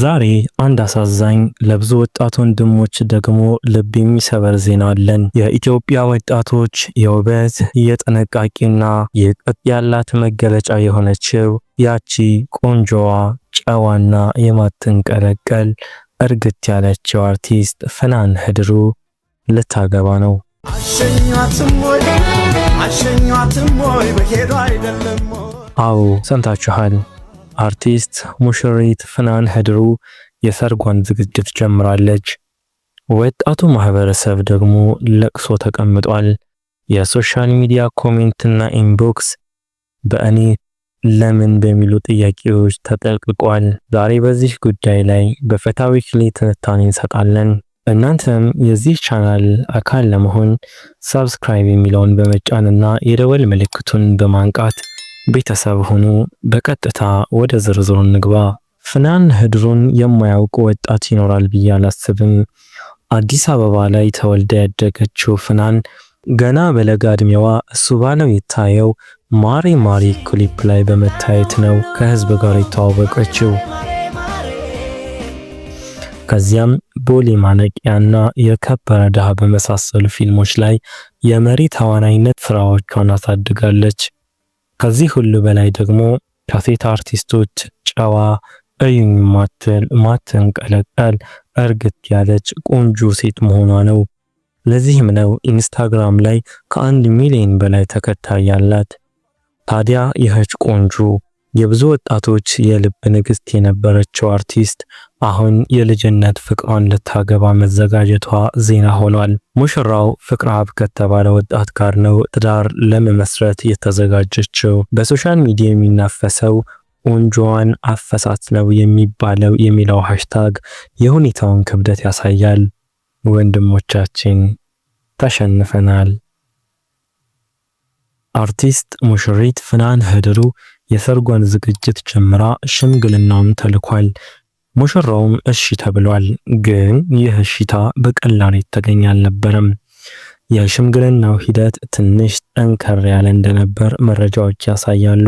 ዛሬ አንድ አሳዛኝ ለብዙ ወጣት ወንድሞች ደግሞ ልብ የሚሰበር ዜና አለን። የኢትዮጵያ ወጣቶች የውበት የጥንቃቄና የቅጥ ያላት መገለጫ የሆነችው ያቺ ቆንጆዋ ጨዋና የማትንቀለቀል እርግት ያለችው አርቲስት ፍናን ህድሩ ልታገባ ነው። አዎ ሰምታችኋል። አርቲስት ሙሽሪት ፍናን ህድሩ የሰርጓን ዝግጅት ጀምራለች። ወጣቱ ማህበረሰብ ደግሞ ለቅሶ ተቀምጧል። የሶሻል ሚዲያ ኮሜንትና ኢንቦክስ በእኔ ለምን በሚሉ ጥያቄዎች ተጠቅቋል። ዛሬ በዚህ ጉዳይ ላይ በፈታዊ ክሌ ትንታኔ እንሰጣለን። እናንተም የዚህ ቻናል አካል ለመሆን ሰብስክራይብ የሚለውን በመጫንና የደወል ምልክቱን በማንቃት ቤተሰብ ሆኑ። በቀጥታ ወደ ዝርዝሩ እንግባ። ፍናን ህድሩን የማያውቁ ወጣት ይኖራል ብዬ አላስብም። አዲስ አበባ ላይ ተወልዳ ያደገችው ፍናን ገና በለጋ እሱ ባለው የታየው ማሪ ማሪ ክሊፕ ላይ በመታየት ነው ከህዝብ ጋር የተዋወቀችው። ከዚያም ቦሌ ማነቂያና የከበረ ድሃ በመሳሰሉ ፊልሞች ላይ የመሪ ተዋናይነት ስራዎቿን አሳድጋለች። ከዚህ ሁሉ በላይ ደግሞ ከሴት አርቲስቶች ጨዋ እዩኝ ማትል ማትንቀለቀል እርግት ያለች ቆንጆ ሴት መሆኗ ነው። ለዚህም ነው ኢንስታግራም ላይ ከአንድ ሚሊዮን በላይ ተከታይ ያላት። ታዲያ ይህች ቆንጆ የብዙ ወጣቶች የልብ ንግስት የነበረችው አርቲስት አሁን የልጅነት ፍቅሯን ልታገባ መዘጋጀቷ ዜና ሆኗል። ሙሽራው ፍቅርአብ ከተባለ ወጣት ጋር ነው ትዳር ለመመስረት የተዘጋጀችው። በሶሻል ሚዲያ የሚናፈሰው ቆንጆዋን አፈሳት ነው የሚባለው የሚለው ሃሽታግ የሁኔታውን ክብደት ያሳያል። ወንድሞቻችን ተሸንፈናል። አርቲስት ሙሽሪት ፍናን ህድሩ የሰርጓን ዝግጅት ጀምራ ሽምግልናውም ተልኳል። ሙሽራውም እሺ ተብሏል። ግን ይህ እሺታ በቀላል የተገኘ አልነበረም። የሽምግልናው ሂደት ትንሽ ጠንከር ያለ እንደነበር መረጃዎች ያሳያሉ።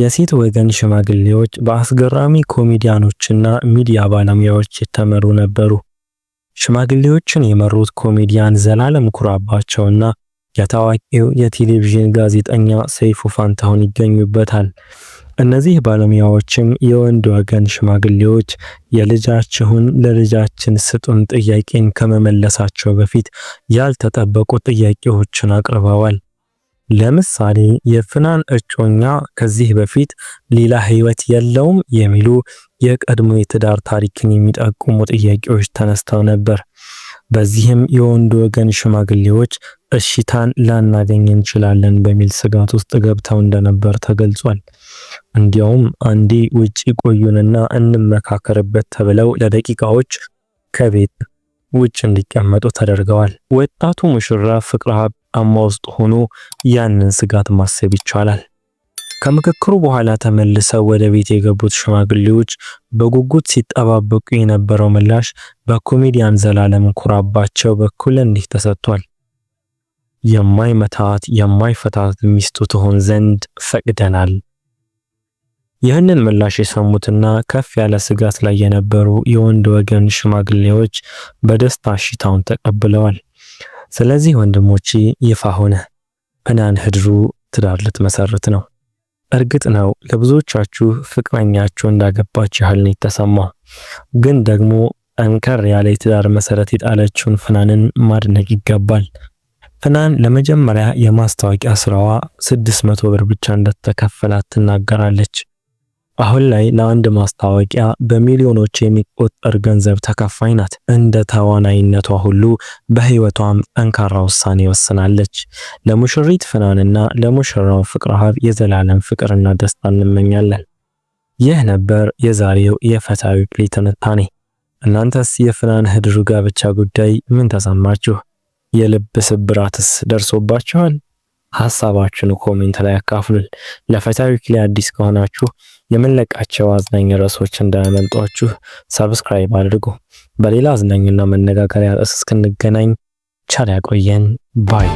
የሴት ወገን ሽማግሌዎች በአስገራሚ ኮሚዲያኖችና ሚዲያ ባለሙያዎች የተመሩ ነበሩ። ሽማግሌዎችን የመሩት ኮሜዲያን ዘላለም ኩራባቸውና የታዋቂው የቴሌቪዥን ጋዜጠኛ ሰይፉ ፋንታሁን ይገኙበታል። እነዚህ ባለሙያዎችም የወንድ ወገን ሽማግሌዎች የልጃችሁን ለልጃችን ስጡን ጥያቄን ከመመለሳቸው በፊት ያልተጠበቁ ጥያቄዎችን አቅርበዋል። ለምሳሌ የፍናን እጮኛ ከዚህ በፊት ሌላ ህይወት የለውም የሚሉ የቀድሞ የትዳር ታሪክን የሚጠቁሙ ጥያቄዎች ተነስተው ነበር። በዚህም የወንድ ወገን ሽማግሌዎች እሽታን ላናገኝ እንችላለን በሚል ስጋት ውስጥ ገብተው እንደነበር ተገልጿል። እንዲያውም አንዴ ውጪ ቆዩንና እንመካከርበት ተብለው ለደቂቃዎች ከቤት ውጭ እንዲቀመጡ ተደርገዋል። ወጣቱ ሙሽራ ፍቅረሃብ ጫማ ውስጥ ሆኖ ያንን ስጋት ማሰብ ይቻላል። ከምክክሩ በኋላ ተመልሰው ወደ ቤት የገቡት ሽማግሌዎች በጉጉት ሲጠባበቁ የነበረው ምላሽ በኮሜዲያን ዘላለም ኩራባቸው በኩል እንዲህ ተሰጥቷል። የማይመታት የማይፈታት ሚስቱ ትሆን ዘንድ ፈቅደናል። ይህንን ምላሽ የሰሙትና ከፍ ያለ ስጋት ላይ የነበሩ የወንድ ወገን ሽማግሌዎች በደስታ እሽታውን ተቀብለዋል። ስለዚህ ወንድሞቼ ይፋ ሆነ፣ ህድሩ ትዳር ልትመሰርት ነው። እርግጥ ነው ለብዙዎቻችሁ ፍቅረኛችሁ እንዳገባች ያህል ነው የተሰማው። ግን ደግሞ ጠንከር ያለ የትዳር መሰረት የጣለችውን ፍናንን ማድነቅ ይገባል። ፍናን ለመጀመሪያ የማስታወቂያ ስራዋ ስድስት መቶ ብር ብቻ እንደተከፈላት ትናገራለች። አሁን ላይ ለአንድ ማስታወቂያ በሚሊዮኖች የሚቆጠር ገንዘብ ተከፋይ ናት። እንደ ተዋናይነቷ ሁሉ በህይወቷም ጠንካራ ውሳኔ ወስናለች። ለሙሽሪት ፍናንና ለሙሽራው ሀብ የዘላለም ፍቅርና ደስታ እንመኛለን። ይህ ነበር የዛሬው የፈታ ዊክሊ ትንታኔ። እናንተስ የፍናን ህድሩ ጋብቻ ጉዳይ ምን ተሰማችሁ? የልብ ስብራትስ ደርሶባችኋል? ሀሳባችሁን ኮሜንት ላይ አካፍሉን። ለፈታ ዊክሊ አዲስ ከሆናችሁ የምንለቃቸው አዝናኝ ርዕሶች እንዳያመልጧችሁ ሰብስክራይብ አድርጉ። በሌላ አዝናኝና መነጋገሪያ ርዕስ እስክንገናኝ ቻል ያቆየን ባይ